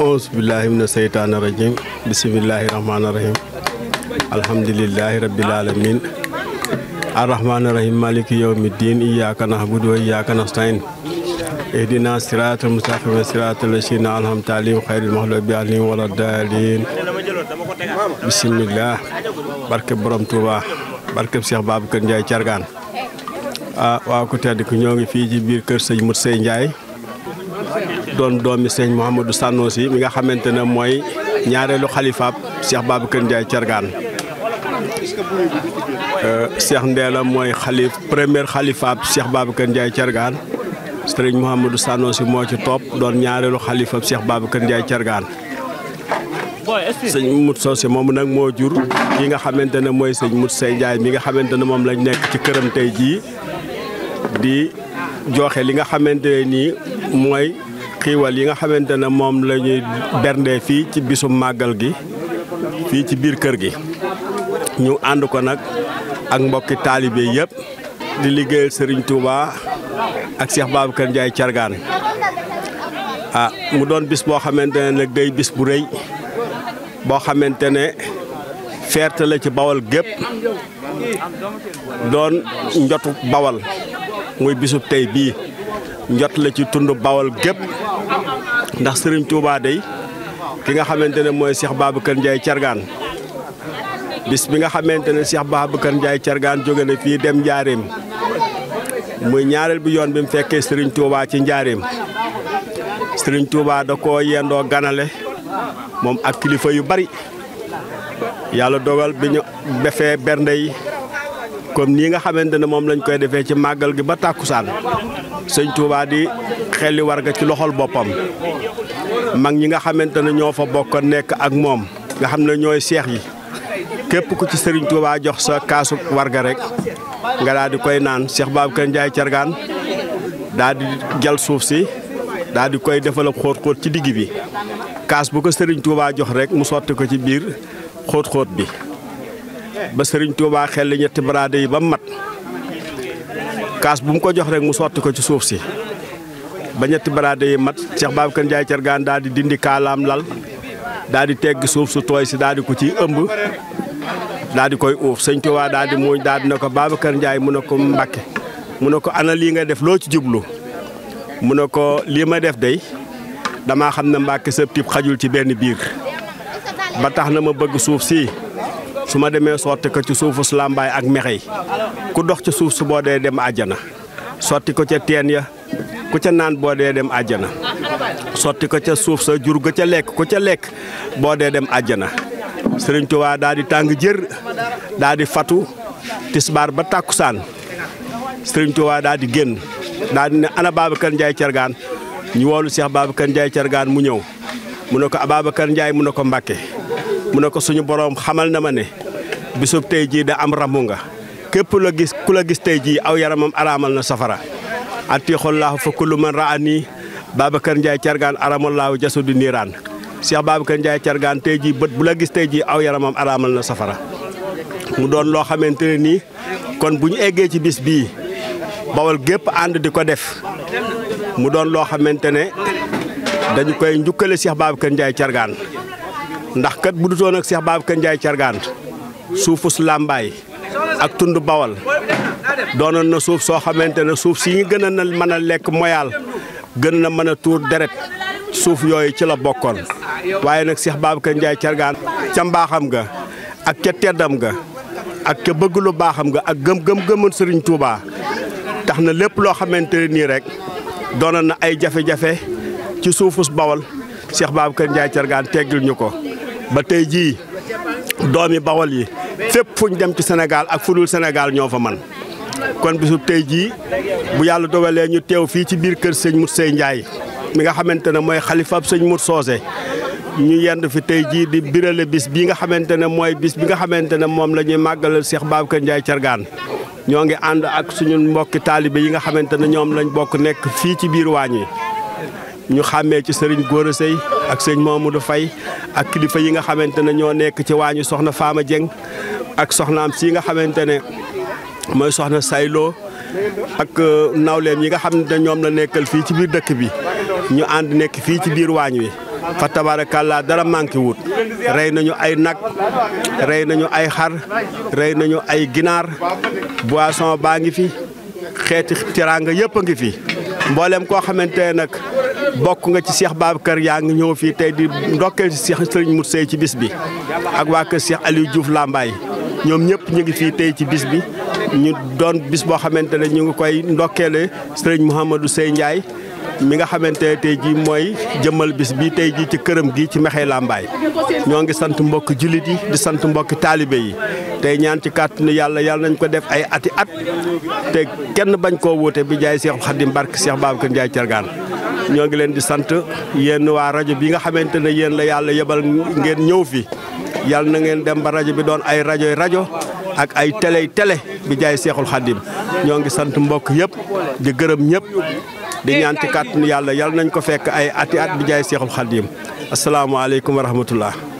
aus billahi mina seytaani rajim bismillahi rahmaani rahim alhamdulillahi rabbil alamin arrahmaani rahim maliki yawmi diin iyyaka na'budu wa iyyaka nasta'in ihdina siraatal mustaqima siraatal lazina an'amta alayhim xayril maxlubi alayhim wala daalin bismillah barke borom Touba barke Cheikh Babacar Ndiaye Thiargane ah waa ku tedd ku ñoo ngi fii ci biir kër sëñ Moussa Ndiaye doon doomi sëñ Mouhamadou Sanusi mi nga xamante ne mooy ñaareelu xalifaab seex Babacar Ndiaye Thiergane euh, Cheikh Ndéla mooy xalif premier xalifaab Cheikh Babacar Ndiaye Thiergane sëriñ Mouhamadou Sanusi moo ci topp doon ñaareelu xalifaab seex Babacar Ndiaye Thiergane sëñ Mut Socé moom nag moo jur ki nga xamante ne mooy sëñ Mut Sey Ndiaye mi nga xamante ne moom lañ nekk ci këram tey jii di joxe li nga xamante nii mooy xiiwal yi nga xamante ne moom la ñuy berndee fii ci bisu màggal gi fii ci biir kër gi ñu ànd ko nag ak mbokki taalibe yépp di liggéeyal Serigne Touba ak Cheikh Babacar Ndiaye Thiargane ah mu doon bis boo xamante ne nag bis bu rëy boo xamante ne fierté la ci bawal gépp doon njotu bawal muy bisub tey bii njot la ci tund bawal gépp ndax sëriñ Touba day ki nga xamante ne mooy Cheikh Babacar Ndiaye Thiergane bis bi nga xamante ne Cheikh Babacar njaay Thiergane jóge na fii dem Njaareem muy ñaareel bi yoon bi mu fekkee sëriñ Touba ci Njaareem sëriñ Touba da koo yendoo ganale moom ak kilifa yu bari yàlla dogal bi ñu befee bernde yi kon nii nga xamante ne moom lañ koy defee ci màggal gi ba tàkkusaan sëñ Touba di xelli warga ci loxol boppam mag ñi nga xamante ne ñoo fa bokk nekk ak moom nga xam ne ñooy seex yi képp ku ci sëriñ Touba jox sa kaasu warga rek nga daal di koy naan Cheikh Babacar Ndiaye Thiergane daal di jal suuf si daal di koy defal xóot-xóot ci digg bi kaas bu ko sëriñ Touba jox rek mu sotti ko ci biir xóot-xóot bi. ba sëriñ Touba xel ñetti baraade yi ba mu mat kaas bu mu ko jox rek mu sotti ko ci suuf si ba ñetti baraade yi mat Cheikh Babacar Ndiaye Thiergane daal di dindi kaalaam lal daal di tegg suuf su tooy si daal di ko ciy ëmb daal di koy uuf sëñ Touba daal di muuñ daal di ne ko Babacar njaay mu ne ko Mbàkke mu ne ko ana lii nga def loo ci jublu mu ne ko lii ma def dey damaa xam ne Mbàkke sa xajul ci benn biir ba tax na ma bëgg suuf si su ma demee sotti ko ci suufu su làmbaay ak mexey ku dox ca suuf su boo dee dem àjjana sotti ko ca teen ya ku ca naan boo dee dem àjjana sotti ko ca suuf sa jur ga ca lekk ko ca lekk boo dee dem àjjana Sëriñ waa daa di tàng jër daa di fatu tisbaar ba tàkkusaan Sëriñ waa daa di génn daa di ne ana Babacar Ndiaye Thiergane ñu woolu Cheikh Babacar Ndiaye Thiergane mu ñëw mu ne ko Ababacar Ndiaye mu ne ko Mbàkke mu ne ko suñu boroom xamal na ma ne bisub tey jii da am rambu nga képp la gis ku la gis tey jii aw yaramam araamal na safara atiixullaahu fa kullu man raani Babacar Ndiaye Thiargane aramallaahu jasudu niiraan Cheikh Babacar Ndiaye Thiargane tey bët bu la gis tey jii aw yaramam araamal na safara mu doon loo xamante ne nii kon bu ñu eggee ci bis bii bawal gépp ànd di ko def mu doon loo xamante ne dañu koy njukkale Cheikh Babacar Ndiaye Thiargane ndax kat bu dutoon ak Cheikh Babacar Ndiaye Thiargane suufus làmbaay ak tund bawal doonoon na suuf soo xamante ne suuf si ñu gën a na mën a lekk moyaal gën na mën a tuur deret suuf yooyu ci la bokkoon waaye nag Cheikh Babacar Ndiaye Thiergane ca mbaaxam ga ak ca teddam ga ak ca bëgg baaxam nga ak gëm gëm gëmoon sëriñ Touba tax na lépp loo xamante ne nii rek doonoon na ay jafe-jafe ci suufus bawal Cheikh Babacar Ndiaye Thiergane teggil ñu ko ba tey jii doomi bawal yi fépp fu ñu dem ci Sénégal ak fu dul Sénégal ñoo fa man kon bisu tey jii bu yàlla dogalee ñu teew fii ci biir kër sëñ Mout Sey Ndiaye mi nga xamante ne mooy xalifaab sëñ Mout Soose ñu yend fi tey jii di birale bis bii nga xamante ne mooy bis bi nga xamante ne moom la ñuy màggalal Cheikh Babacar Ndiaye Thiergane ñoo ngi ànd ak suñu mbokki taalibe yi nga xamante ne ñoom lañ bokk nekk fii ci biir waañ yi ñu xàmmee ci sëriñ a Seye ak sëñ Mamadou Faye ak kilifa yi nga xamante ne ñoo nekk ci waañu soxna Fama Dieng ak soxnaam sii nga xamante ne mooy soxna Saylo ak euh, nawleem yi nga xam ne ñoom la nekkal fii ci biir dëkk bi ñu ànd nekk fii ci biir waañ wi fa tabaarakàllaa dara manqué wut rey nañu ay nag rey nañu ay xar rey nañu ay ginaar boisson baa ngi fi xeeti teraanga yëpp a ngi fi mboolem koo xamante nag bokk nga ci Cheikh Babacar yaa ngi ñëw fii tey di ndokkeel seex Cheikh Sëriñ Moussa ci bis bi ak waa kër Cheikh Aliou Diouf Lambaye ñoom ñëpp ñu ngi fii tey ci bis bi ñu doon bis boo xamante ne ñu ngi koy ndokkeele Sëriñ Mouhamadou Sey Ndiaye mi nga xamante ne tey jii mooy jëmmal bis bi tey jii ci këram gi ci Mekhe Lambaye ñoo ngi sant mbokk jullit yi di sant mbokki taalibe yi tey ñaan ci kàttanu yàlla yàlla nañ ko def ay ati at te kenn bañ koo wuute bi jaay Cheikh Khadim Barke Cheikh Babacar Ndiaye Thiergane ñoo ngi leen di sant yéen waa rajo bi nga xamante ne yéen la yàlla yebal ngeen ñëw fi yàlla na ngeen dem ba rajo bi doon ay rajoy rajo ak ay télé tele bi jaay seexul xaddim ñoo ngi sant mbokk yëpp di gërëm ñëpp di ñaan ci yàlla yàlla nañ ko fekk ay ati at bi jaay seexul xaddim asalaamaaleykum wa rahmatullah